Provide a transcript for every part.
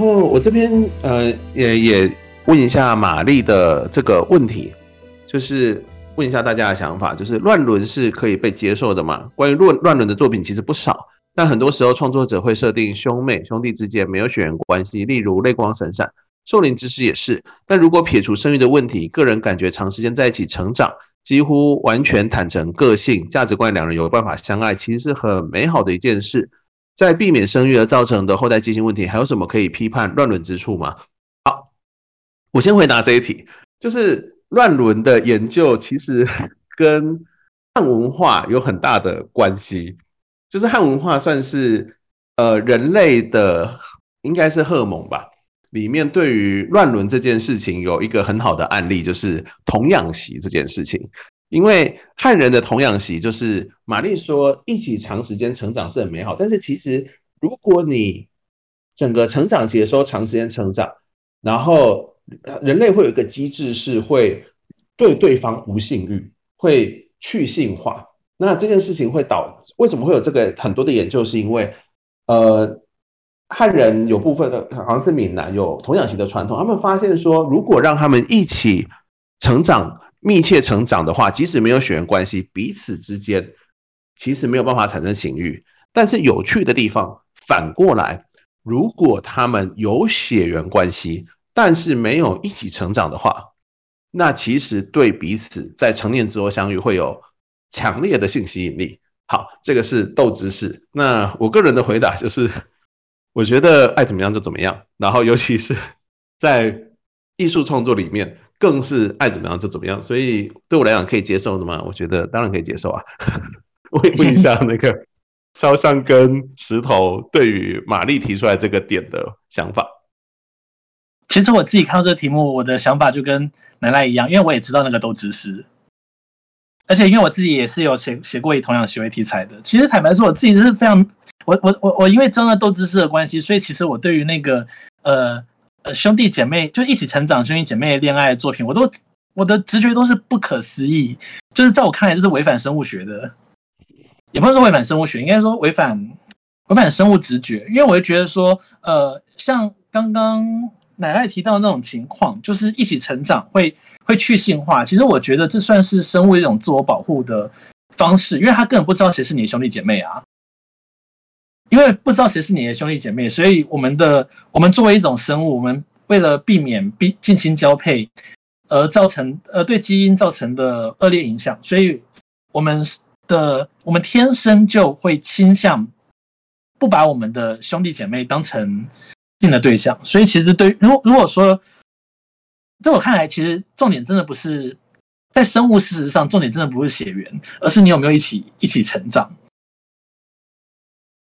然後我這邊呃也也問一下馬立的這個問題，就是問一下大家的想法，就是亂倫是可以被接受的嗎？關於亂亂倫的作品其實不少，但很多時候創作者會設定兄妹、兄弟之間沒有血緣關係，例如《淚光閃閃》、《獸靈之詩》也是。但如果撇除生育的問題，個人感覺長時間在一起成長，幾乎完全坦誠個性、價值觀，兩人有辦法相愛，其實是很美好的一件事。在避免生育而造成的後代畸形問題，還有什麼可以批判亂倫之處嗎？好、啊，我先回答這一題，就是亂倫的研究其實跟漢文化有很大的關係，就是漢文化算是呃人類的應該是荷蒙吧，裡面對於亂倫這件事情有一個很好的案例，就是童養媳這件事情。因為漢人的童養媳就是馬立說，一起長時間成長是很美好，但是其實如果你整個成長期的時候長時間成長，然後人類會有一個機制是會對對方無性欲，會去性化。那這件事情會導為什麼會有這個很多的研究？是因為呃漢人有部分的，好像是閩南有童養媳的傳統，他們發現說，如果讓他們一起成長。密切成長的話，即使沒有血緣關係，彼此之間其實沒有辦法產生情慾。但是有趣的地方，反過來，如果他們有血緣關係，但是沒有一起成長的話，那其實對彼此在成年之後相遇會有強烈的性吸引力。好，這個是豆知識，那我個人的回答就是，我覺得愛怎麼樣就怎麼樣。然後，尤其是在藝術創作裡面。更是愛怎麼樣就怎麼樣，所以對我來講可以接受的嗎？我覺得當然可以接受啊。 我也問一下那個瀟湘跟石頭對於馬立提出來這個點的想法。 其實我自己看到這個題目，我的想法就跟乃賴一樣，因為我也知道那個豆知識，而且因為我自己也是有寫寫過以童養媳為題材的。其實坦白說，我自己是非常我我我我，我我因為真的豆知識的關係，所以其實我對於那個呃。呃，兄弟姐妹就一起成長，兄弟姐妹戀愛的作品，我都我的直覺都是不可思議，就是在我看來這是違反生物學的，也不是說違反生物學，應該說違反違反生物直覺，因為我覺得說，呃，像剛剛乃賴提到的那種情況，就是一起成長會會去性化，其實我覺得這算是生物一種自我保護的方式，因為他根本不知道誰是你的兄弟姐妹啊。因為不知道誰是你的兄弟姐妹，所以我們的我們作為一種生物，我們為了避免近親交配而造成呃，對基因造成的惡劣影響，所以我們的我們天生就會傾向不把我們的兄弟姐妹當成性的對象。所以其實對如，如果說在我看來，其實重點真的不是在生物事實上，重點真的不是血緣，而是你有沒有一起一起成長。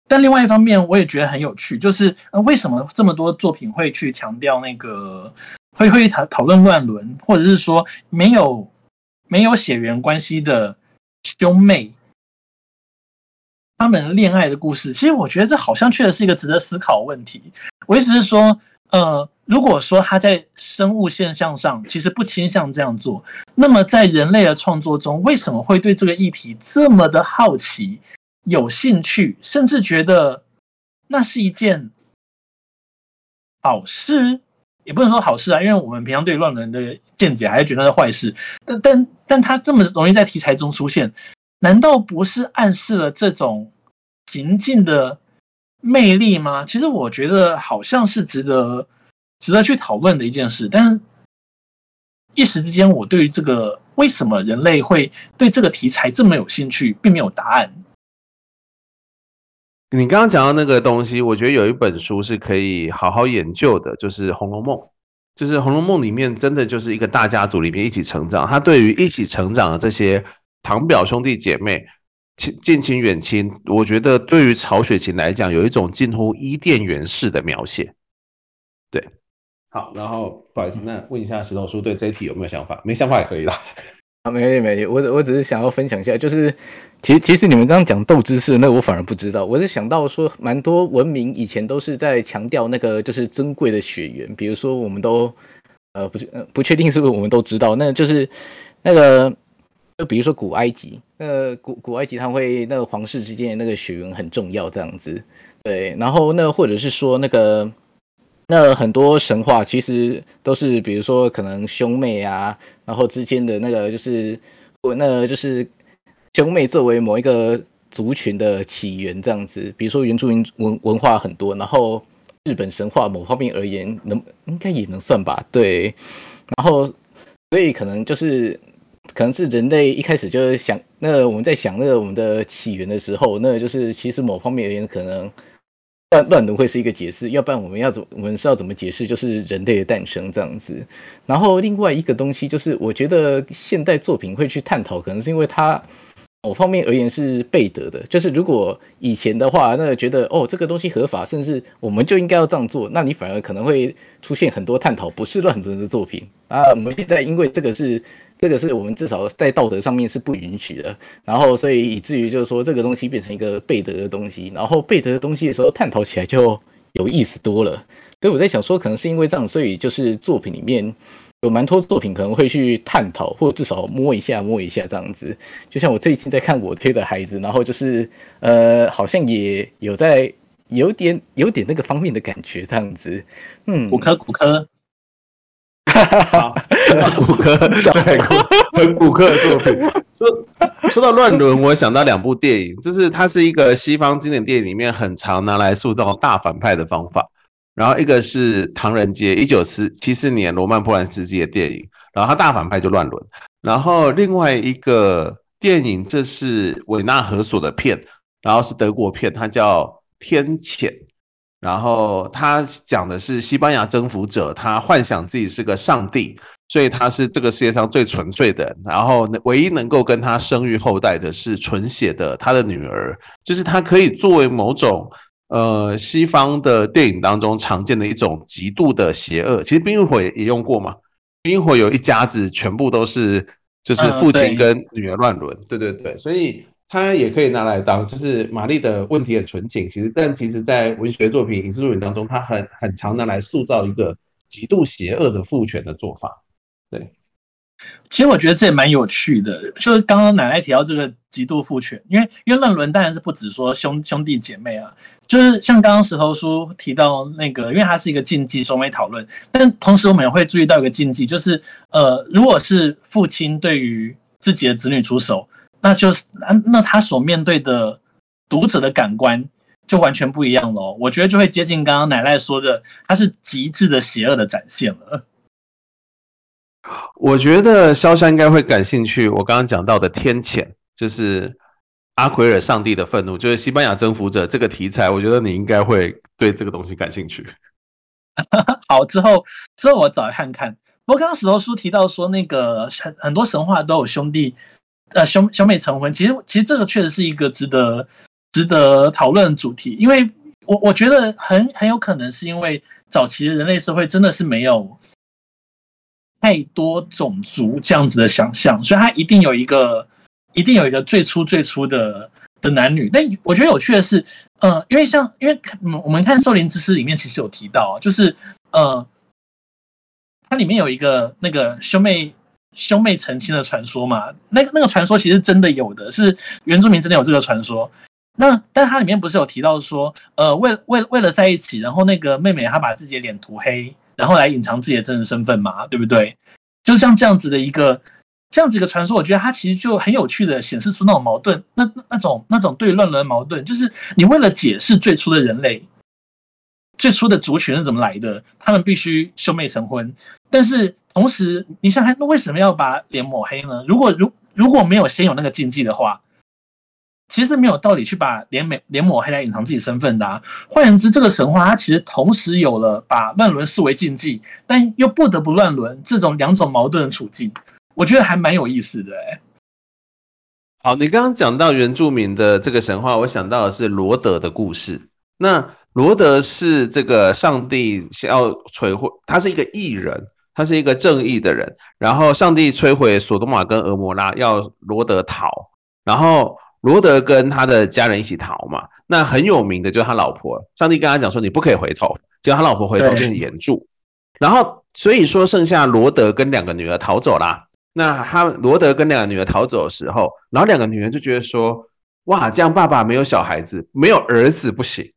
但另外一方面，我也覺得很有趣，就是，呃，為什麼這麼多作品會去強調那個會會討討論亂倫，或者是說沒有沒有血緣關係的兄妹他們戀愛的故事？其實我覺得這好像確實是一個值得思考的問題。我意思是說，呃，如果說他在生物現象上其實不傾向這樣做，那麼在人類的創作中，為什麼會對這個議題這麼的好奇？有興趣，甚至覺得那是一件好事，也不能說好事啊，因為我們平常對亂倫的見解還是覺得那是壞事。但但但他這麼容易在題材中出現，難道不是暗示了這種情境的魅力嗎？其實我覺得好像是值得值得去討論的一件事，但是一時之間，我對於這個為什麼人類會對這個題材這麼有興趣，並沒有答案。你剛剛講到那個東西，我覺得有一本書是可以好好研究的，就是《紅樓夢》。就是《紅樓夢》裡面真的就是一個大家族裡面一起成長，他對於一起成長的這些堂表兄弟姐妹、近親遠親，我覺得對於曹雪芹來講，有一種近乎伊甸園式的描寫。對，好，然後不好意思，那問一下石頭書對這一題有沒有想法？沒想法也可以啦。啊，沒有沒有，我只我只是想要分享一下，就是其實其實你們剛剛講斗知士，那我反而不知道。我是想到說，蠻多文明以前都是在強調那個就是珍貴的血緣，比如說我們都呃不是、呃、不確定是不是我們都知道，那就是那個就比如說古埃及，那個、古古埃及他會那個皇室之間的那個血緣很重要這樣子，對，然後那或者是說那個。那很多神話其實都是，比如說可能兄妹啊，然後之間的那個就是我，那就是兄妹作為某一個族群的起源這樣子。比如說原住民文文化很多，然後日本神話某方面而言能應該也能算吧，對。然後所以可能就是可能是人類一開始就是想，那我們在想那個我們的起源的時候，那就是其實某方面而言可能。亂倫會是一個解釋，要不然我們要怎我們是要怎麼解釋，就是人類的誕生這樣子。然後另外一個東西就是，我覺得現代作品會去探討，可能是因為它。某方面而言是背德的，就是如果以前的話，那覺得哦，這個東西合法，甚至我們就應該要這樣做，那你反而可能會出現很多探討，不是亂倫的作品啊。我們現在因為這個是這個是我們至少在道德上面是不允許的，然後所以以至於就是說，這個東西變成一個背德的東西，然後背德的東西的時候，探討起來就有意思多了。所以我在想說，可能是因為這樣，所以就是作品裡面。有蠻多作品可能會去探討，或至少摸一下摸一下這樣子。就像我最近在看我推的孩子，然後就是呃，好像也有在有點有點那個方面的感覺這樣子。嗯，骨科骨科。哈哈，骨科對骨很骨科的作品。說 說到亂倫，我想到兩部電影，就是它是一個西方經典電影裡面很常拿來塑造大反派的方法。然後一個是《唐人街》，一九七四年羅曼·波蘭斯基的電影，然後他大反派就亂倫。然後另外一個電影，這是韋納·何索的片，然後是德國片，它叫《天譴》，然後它講的是西班牙征服者，他幻想自己是個上帝，所以他是這個世界上最純粹的，然後唯一能夠跟他生育後代的是純血的他的女兒，就是他可以作為某種。呃，西方的電影當中常見的一種極度的邪惡，其實《冰與火》也用過嘛，《冰火》有一家子全部都是，就是父親跟女兒亂倫，嗯，對對對，所以他也可以拿來當，就是瑪麗的問題很純情，其實但其實在文學作品、影視作品當中，他很很常拿來塑造一個極度邪惡的父權的做法，對。其實我覺得這也蠻有趣的，就是剛剛乃賴提到這個極度父權，因為因為亂倫當然是不只說兄兄弟姐妹啊，就是像剛剛石頭書提到那個，因為它是一個禁忌，所以沒討論。但同時我們也會注意到一個禁忌，就是呃，如果是父親對於自己的子女出手，那就是那,那他所面對的讀者的感官就完全不一樣了。我覺得就會接近剛剛乃賴說的，他是極致的邪惡的展現了。我覺得瀟湘應該會感興趣。我剛剛講到的天譴，就是阿奎爾上帝的憤怒，就是西班牙征服者這個題材。我覺得你應該會對這個東西感興趣。 好，之後之後我找來看看。不過剛剛石頭書提到說，那個很很多神話都有兄弟，呃兄兄妹成婚。其實其實這個確實是一個值得值得討論的主題，因為我我覺得很很有可能是因為早期人類社會真的是沒有。太多種族這樣子的想象，所以他一定有一個，一定有一個最初最初的的男女。但我覺得有趣的是，呃，因為像因為我們看《獸靈之詩》裡面其實有提到，啊，就是呃，它裡面有一個那個兄妹兄妹成親的傳說嘛。那個那個傳說其實真的有的，是原住民真的有這個傳說。那但是它裡面不是有提到說，呃，為為為了在一起，然後那個妹妹她把自己的臉塗黑。然後來隱藏自己的真實身份嘛，對不對？就像這樣子的一個這樣子一個傳說，我覺得它其實就很有趣的顯示出那種矛盾，那那種那種對亂倫矛盾，就是你為了解釋最初的人類最初的族群是怎麼來的，他們必須兄妹成婚，但是同時你想看，那為什麼要把臉抹黑呢？如果如如果沒有先有那個禁忌的話，其實沒有道理去把臉抹黑來隱藏自己身份的啊。換言之，這個神話它其實同時有了把亂倫視為禁忌，但又不得不亂倫這種兩種矛盾的處境，我覺得還蠻有意思的哎。好，你剛剛講到原住民的這個神話，我想到的是羅德的故事。那羅德是這個上帝要摧毀，他是一個義人，他是一個正義的人，然後上帝摧毀索多瑪跟俄摩拉，要羅德逃，然後。羅德跟他的家人一起逃嘛，那很有名的就是他老婆，上帝跟他講說你不可以回頭，結果他老婆回頭就變鹽柱。然後所以說剩下羅德跟兩個女兒逃走啦。那他羅德跟兩個女兒逃走的時候，然後兩個女兒就覺得說，哇，這樣爸爸沒有小孩子，沒有兒子不行，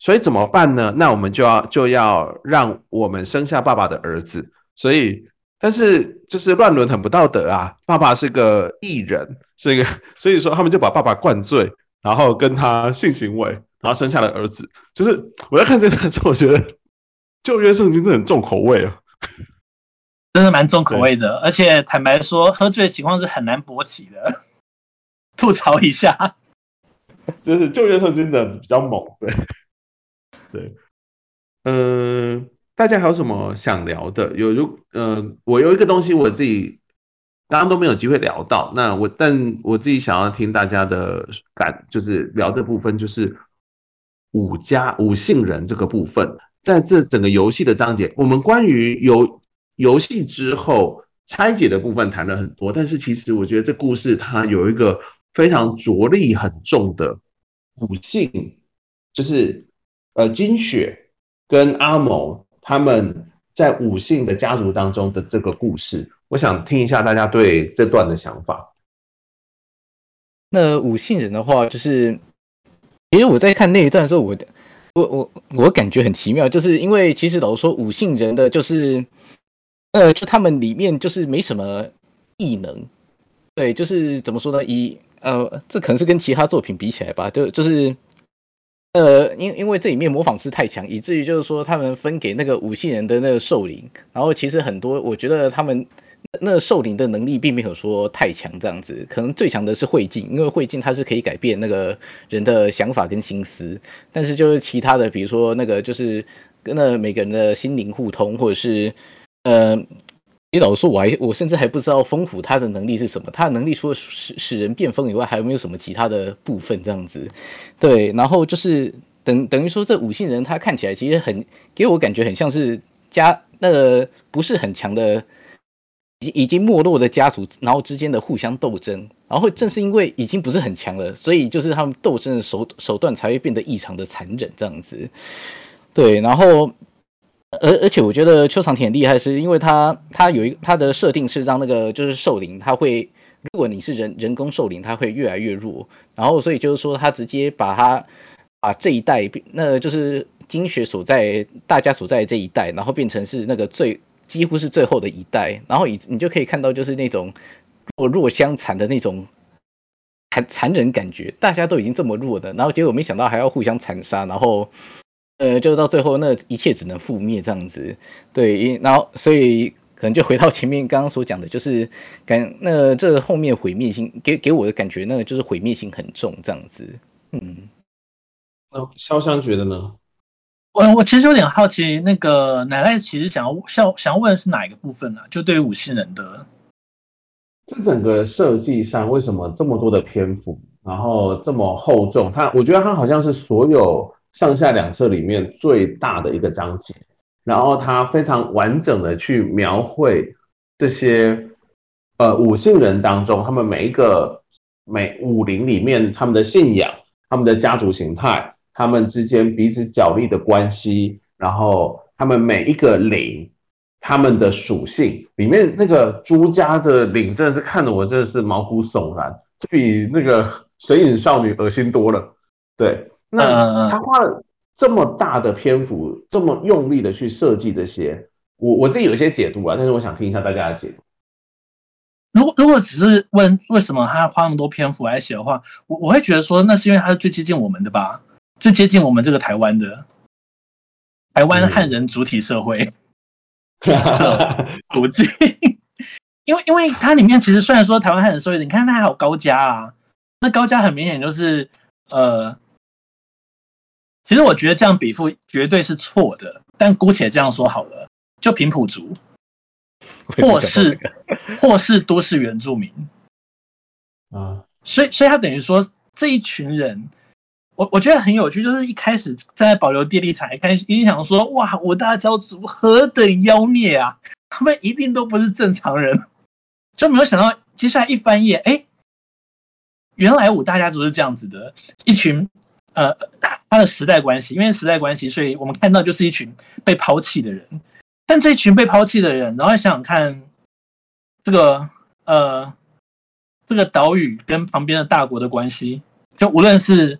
所以怎麼辦呢？那我們就要就要讓我們生下爸爸的兒子，所以。但是就是亂倫很不道德啊！爸爸是個藝人，是一個，所以說他們就把爸爸灌醉，然後跟他性行為，然後生下了兒子。就是我在看這個，就我覺得《舊約聖經》真的很重口味啊，真的蠻重口味的。而且坦白說，喝醉的情況是很難勃起的，吐槽一下。就是《舊約聖經》的比較猛，對，對，嗯。大家還有什麼想聊的？有就呃，我有一個東西我自己剛剛都沒有機會聊到。那我，但我自己想要聽大家的感，就是聊的部分，就是五家五姓人這個部分，在這整個遊戲的章節，我們關於遊遊戲之後拆解的部分談了很多，但是其實我覺得這故事它有一個非常着力很重的五姓，就是呃金雪跟阿謀。他們在五姓的家族當中的這個故事，我想聽一下大家對這段的想法。那五姓人的話，就是其實我在看那一段的時候，我我我我感覺很奇妙，就是因為其實老是說五姓人的就是，呃，就他們裡面就是沒什麼異能，對，就是怎麼說呢？以呃，這可能是跟其他作品比起來吧，就就是。呃，因因為這裡面模仿師太強，以至於就是說他們分給那個五姓人的那個獸靈，然後其實很多，我覺得他們那獸靈的能力並沒有說太強這樣子，可能最強的是慧靜，因為慧靜它是可以改變那個人的想法跟心思，但是就是其他的，比如說那個就是跟那每個人的心靈互通，或者是呃。你老說我還我甚至還不知道風虎他的能力是什麼，他的能力除了使使人變瘋以外，還有沒有什麼其他的部分這樣子？對，然後就是等等於說這五姓人他看起來其實很給我感覺很像是家那個不是很強的已經已經沒落的家族，然後之間的互相鬥爭，然後正是因為已經不是很強了，所以就是他們鬥爭的手手段才會變得異常的殘忍這樣子。對，然後。而而且我覺得邱常婷很厲害，是因為他他有一個他的設定是讓那個就是獸靈，他會如果你是人人工獸靈，他會越來越弱，然後所以就是說他直接把他把這一代，那就是精血所在大家所在這一代，然後變成是那個最幾乎是最後的一代，然後你你就可以看到就是那種弱弱相殘的那種殘殘忍感覺，大家都已經這麼弱的，然後結果沒想到還要互相殘殺，然後。呃，就是到最後，那一切只能覆滅這樣子。對，然後所以可能就回到前面剛剛所講的，就是感那這個後面毀滅性給給我的感覺，那個就是毀滅性很重這樣子。嗯，那瀟湘覺得呢？我、嗯、我其實有點好奇，那個奶奶其實想要想想要問的是哪一個部分呢、啊？就對於武姓人的這整個設計上，為什麼這麼多的篇幅，然後這麼厚重？它我覺得它好像是所有。上下兩冊裡面最大的一個章節，然後它非常完整的去描繪這些呃五姓人當中，他們每一個每五靈裡面他們的信仰、他們的家族形態、他們之間彼此角力的關係，然後他們每一個靈，他們的屬性裡面那個朱家的靈真的是看得我真的是毛骨悚然，這比那個神隱少女噁心多了，對。那他花了這麼大的篇幅，呃、這麼用力的去設計這些，我我自己有一些解讀啊，但是我想聽一下大家的解讀。如果如果只是問為什麼他花那麼多篇幅來寫的話，我我會覺得說那是因為他是最接近我們的吧，最接近我們這個台灣的台灣漢人主體社會。哈哈哈哈哈，不 因為因為它裡面其實雖然說台灣漢人社會，你看他還有高家啊，那高家很明顯就是呃。其實我覺得這樣比附絕對是錯的，但姑且這樣說好了。就平埔族，或是、那個、或是都市原住民啊，所以所以他等於說這一群人，我我覺得很有趣，就是一開始在保留地裡，才，開始已經想說，哇，五大家族何等妖孽啊，他們一定都不是正常人，就沒有想到接下來一翻頁，哎、欸，原來五大家族是這樣子的，一群呃。它的時代關係，因為時代關係，所以我們看到就是一群被拋棄的人。但這一群被拋棄的人，然後想想看，這個呃，這個島嶼跟旁邊的大國的關係，就無論是《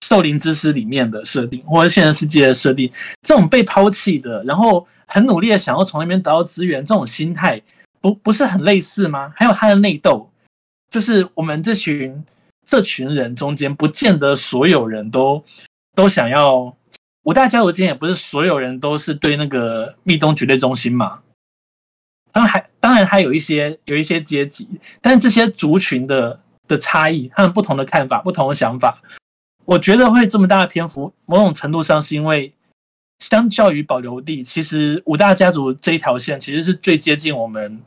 獸靈之詩》裡面的設定，或者現實世界的設定，這種被拋棄的，然後很努力的想要從那邊得到資源，這種心態，不不是很類似嗎？還有它的內鬥，就是我們這群。這群人中間，不見得所有人都都想要，五大家族之間也不是所有人都是對那個密冬絕對忠心嘛。當然還當然還有一些有一些階級，但是這些族群的的差異，他們不同的看法、不同的想法，我覺得會這麼大的篇幅，某種程度上是因為，相較於保留地，其實五大家族這一條線其實是最接近我們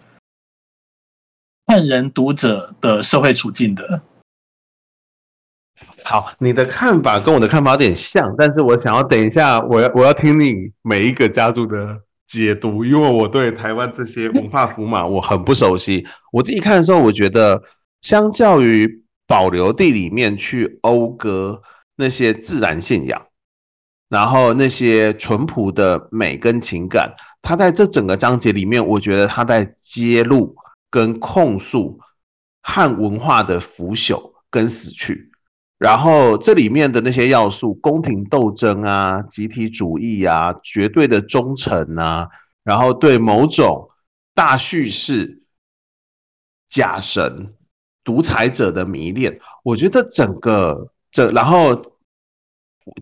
漢人讀者的社會處境的。好，你的看法跟我的看法有點像，但是我想要等一下，我要我要聽你每一個家族的解讀，因為我對台灣這些文化符碼我很不熟悉。 我自己看的時候，我覺得相較於保留地裡面去謳歌那些自然信仰，然後那些淳樸的美跟情感，它在這整個章節裡面，我覺得它在揭露跟控訴漢文化的腐朽跟死去。然後這裡面的那些要素，宮廷鬥爭啊，集體主義啊，絕對的忠誠啊，然後對某種大敘事、假神、獨裁者的迷戀，我覺得整個這然後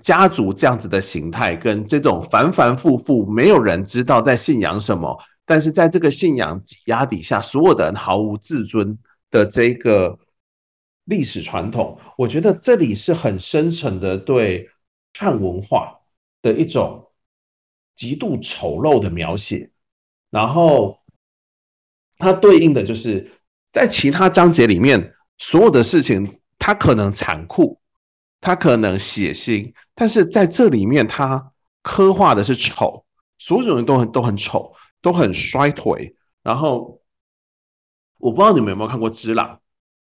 家族這樣子的形態，跟這種反反复覆沒有人知道在信仰什麼，但是在這個信仰擠壓底下，所有的人毫無自尊的這個。歷史傳統，我覺得這裡是很深沉的對漢文化的一種極度醜陋的描寫。然後它對應的就是在其他章節裡面所有的事情，它可能殘酷，它可能血腥，但是在這裡面它刻畫的是醜，所有人都很都很醜，都很衰頹。然後我不知道你們有沒有看過《隻狼》，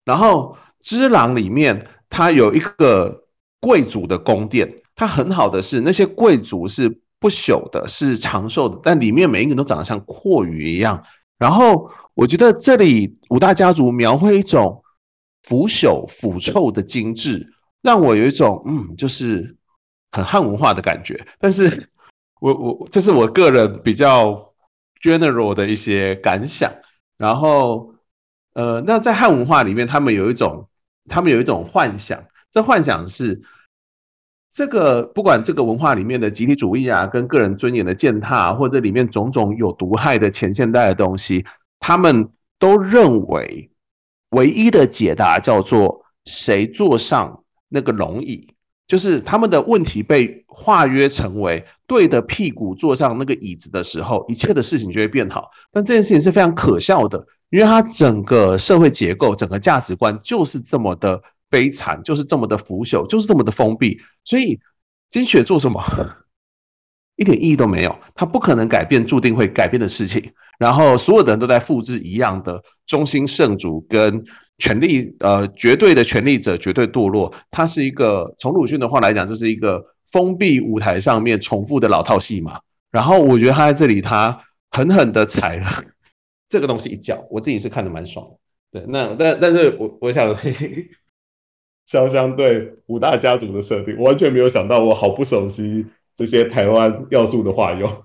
然後。隻狼裡面，它有一個貴族的宮殿，它很好的是那些貴族是不朽的，是長壽的，但裡面每一個人都長得像蛞蝓一樣。然後我覺得這裡五大家族描繪一種腐朽、腐臭的精緻，讓我有一種嗯，就是很漢文化的感覺。但是我，我我這是我個人比較 general 的一些感想。然後，呃，那在漢文化裡面，他們有一種。他們有一種幻想，這幻想是這個不管這個文化裡面的集體主義啊，跟個人尊嚴的踐踏啊，或者裡面種種有毒害的前現代的東西，他們都認為唯一的解答叫做誰坐上那個龍椅，就是他們的問題被化約成為對的屁股坐上那個椅子的時候，一切的事情就會變好。但這件事情是非常可笑的。因為他整個社會結構、整個價值觀就是這麼的悲慘，就是這麼的腐朽，就是這麼的封閉，所以金雪做什麼 一點意義都沒有，他不可能改變注定會改變的事情。然後所有的人都在複製一樣的中心聖主跟權力，呃，絕對的權力者絕對墮落。他是一個從魯迅的話來講，就是一個封閉舞台上面重複的老套戲碼。然後我覺得他在這裡，他狠狠的踩了。 這個東西一叫，我自己是看的蠻爽的。對，那但但是我我想，瀟湘對五大家族的設定，我完全沒有想到，我好不熟悉這些台灣要素的化用。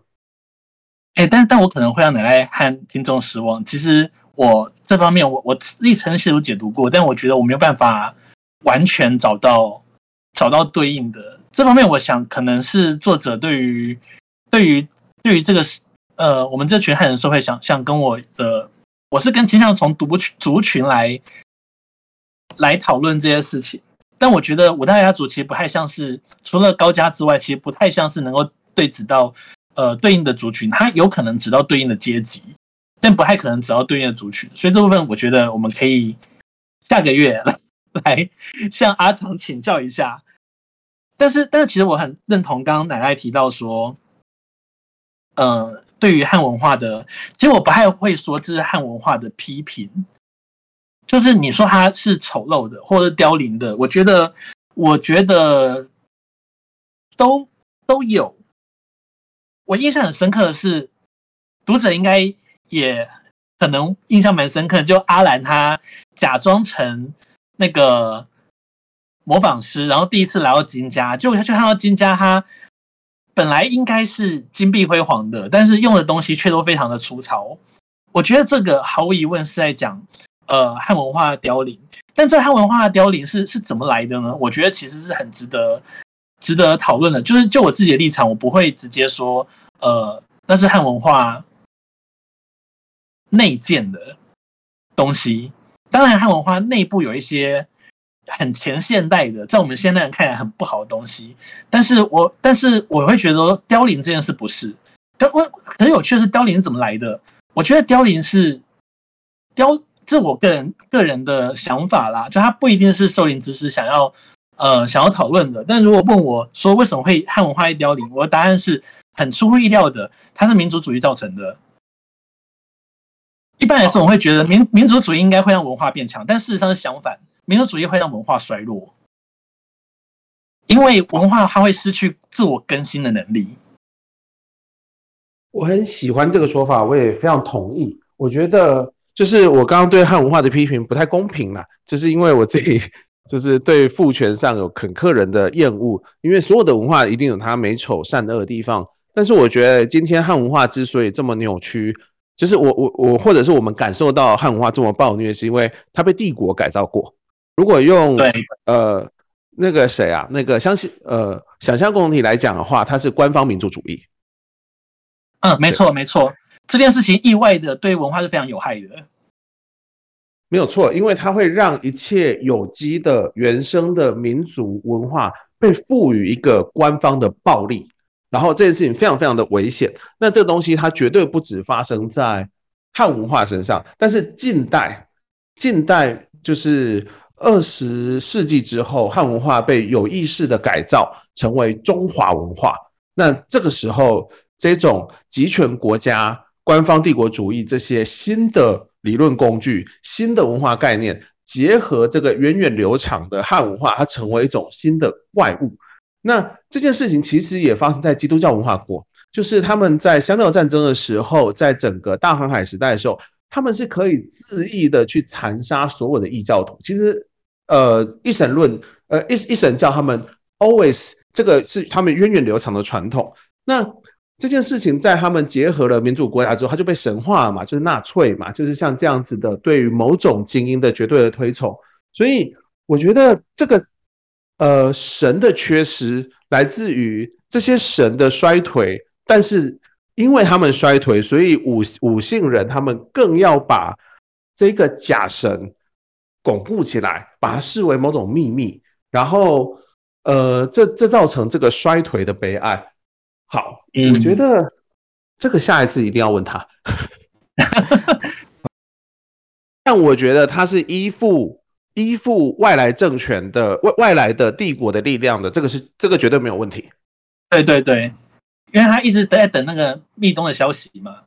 哎、欸，但但我可能會讓乃賴和聽眾失望。其實我這方面我，我我歷程是有解讀過，但我覺得我沒有辦法完全找到找到對應的。這方面，我想可能是作者對於對於對於這個。呃，我們這群漢人社會想象跟我的，呃、我是更傾向從族去族群來來討論這些事情，但我覺得五大家族其實不太像是，除了高家之外，其實不太像是能夠對指到呃對應的族群，它有可能指到對應的階級，但不太可能指到對應的族群，所以這部分我覺得我們可以下個月來來向阿長請教一下。但是但是其實我很認同剛剛乃賴提到說，嗯、呃。對於漢文化的，其實我不太會說這是漢文化的批評，就是你說它是醜陋的，或者凋零的，我覺得，我覺得都都有。我印象很深刻的是，讀者應該也可能印象蠻深刻的，就阿蘭他假裝成那個模仿師，然後第一次來到金家，結果他就看到金家他。本來應該是金碧輝煌的，但是用的東西卻都非常的粗糙。我覺得這個毫無疑問是在講呃漢文化的凋零。但這漢文化的凋零是是怎麼來的呢？我覺得其實是很值得值得討論的。就是就我自己的立場，我不會直接說呃那是漢文化內建的東西。當然，漢文化內部有一些。很前現代的，在我們現代人看來很不好的東西，但是我但是我會覺得說凋零這件事不是，但我很有趣的是凋零是怎麼來的？我覺得凋零是凋，這我個人個人的想法啦，就它不一定是獸靈之詩想要呃想要討論的，但如果問我說為什麼會漢文化會凋零，我的答案是很出乎意料的，它是民族主義造成的。一般來說我會覺得民民族主義應該會讓文化變強，但事實上是相反。民族主，主義會讓文化衰落，因為文化它會失去自我更新的能力。我很喜歡這個說法，我也非常同意。我覺得就是我剛剛對漢文化的批評不太公平啦，就是因為我自己就是對父權上有肯克人的厭惡。因為所有的文化一定有它美醜善惡的地方，但是我覺得今天漢文化之所以這麼扭曲，就是我我我或者是我們感受到漢文化這麼暴虐，是因為它被帝國改造過。如果用呃，那個誰啊，那個相信呃，想象共同體來講的話，它是官方民族主義。嗯，沒錯沒錯，這件事情意外的對文化是非常有害的。沒有錯，因為它會讓一切有機的原生的民族文化被賦予一個官方的暴力，然後這件事情非常非常的危險。那這個東西它絕對不止發生在漢文化身上，但是近代近代就是。二十世紀之後，漢文化被有意識的改造，成為中華文化。那這個時候，這種集權國家、官方帝國主義這些新的理論工具、新的文化概念，結合這個源遠流長的漢文化，它成為一種新的外物。那這件事情其實也發生在基督教文化國，就是他們在香料戰爭的時候，在整個大航海時代的時候。他們是可以恣意的去殘殺所有的異教徒。其實，呃，一神論，呃，一，一神教，他們 always 這個是他們源遠流長的傳統。那這件事情在他們結合了民主國家之後，他就被神化了嘛，就是納粹嘛，就是像這樣子的對於某種精英的絕對的推崇。所以我覺得這個，呃，神的缺失來自於這些神的衰退，但是。因為他們衰退，所以五五姓人他們更要把這個假神鞏固起來，把它視為某種秘密。然後，呃，這這造成這個衰退的悲哀。好，嗯，我覺得這個下一次一定要問他。 但我覺得他是依附依附外來政權的外外來的帝國的力量的，這個是這個絕對沒有問題。對對對。因為他一直都在等那個密東的消息嘛。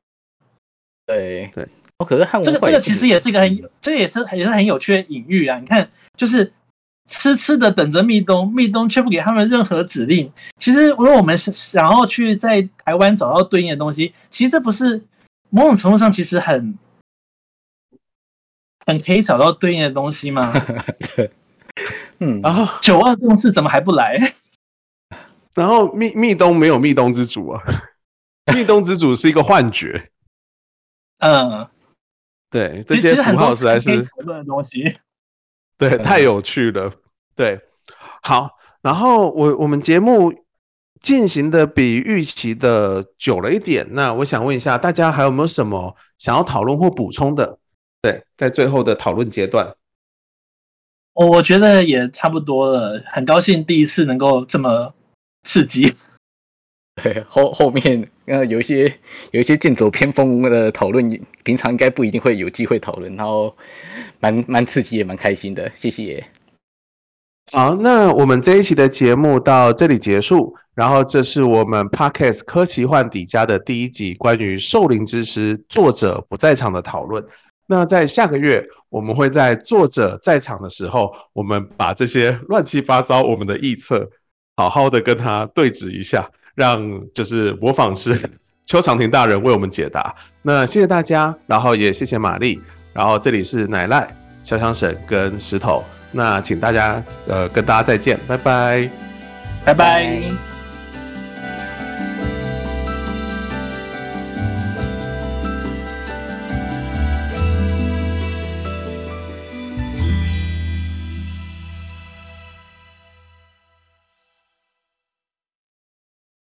對對，我可是漢。這個這個其實也是一個很，這也、個、是也是很有趣的隱喻啊！你看，就是痴痴的等着密東，密東卻不給他們任何指令。其實如果我們是想要去在台灣找到對應的東西，其實這不是某種程度上其實很很可以找到對應的東西嗎？ 對。然後嗯啊，九二共識怎麼還不來？然後蜜蜜冬沒有蜜冬之主啊，蜜冬之主是一個幻覺，嗯，對，這些符號實在其實很多是，是的東西，對，太有趣了，嗯、對，好，然後我我們節目進行的比預期的久了一點，那我想問一下大家還有沒有什麼想要討論或補充的？對，在最後的討論階段，我我覺得也差不多了，很高興第一次能夠這麼。刺激 對，對，後後面後有一些有一些劍走偏鋒的討論，平常應該不一定會有機會討論，然後蠻蠻刺激也蠻開心的，謝謝。好，那我們這一期的節目到這裡結束，然後這是我們 Podcast 科奇幻底家的第一集，關於《獸靈之詩》作者不在場的討論。那在下個月，我們會在作者在場的時候，我們把這些亂七八糟我們的臆測。好好的跟他對峙一下，讓就是模仿師邱長廷大人為我們解答。那謝謝大家，然後也謝謝馬立，然後這裡是乃賴、瀟湘神跟石頭。那請大家呃跟大家再見，拜拜，拜拜。拜拜。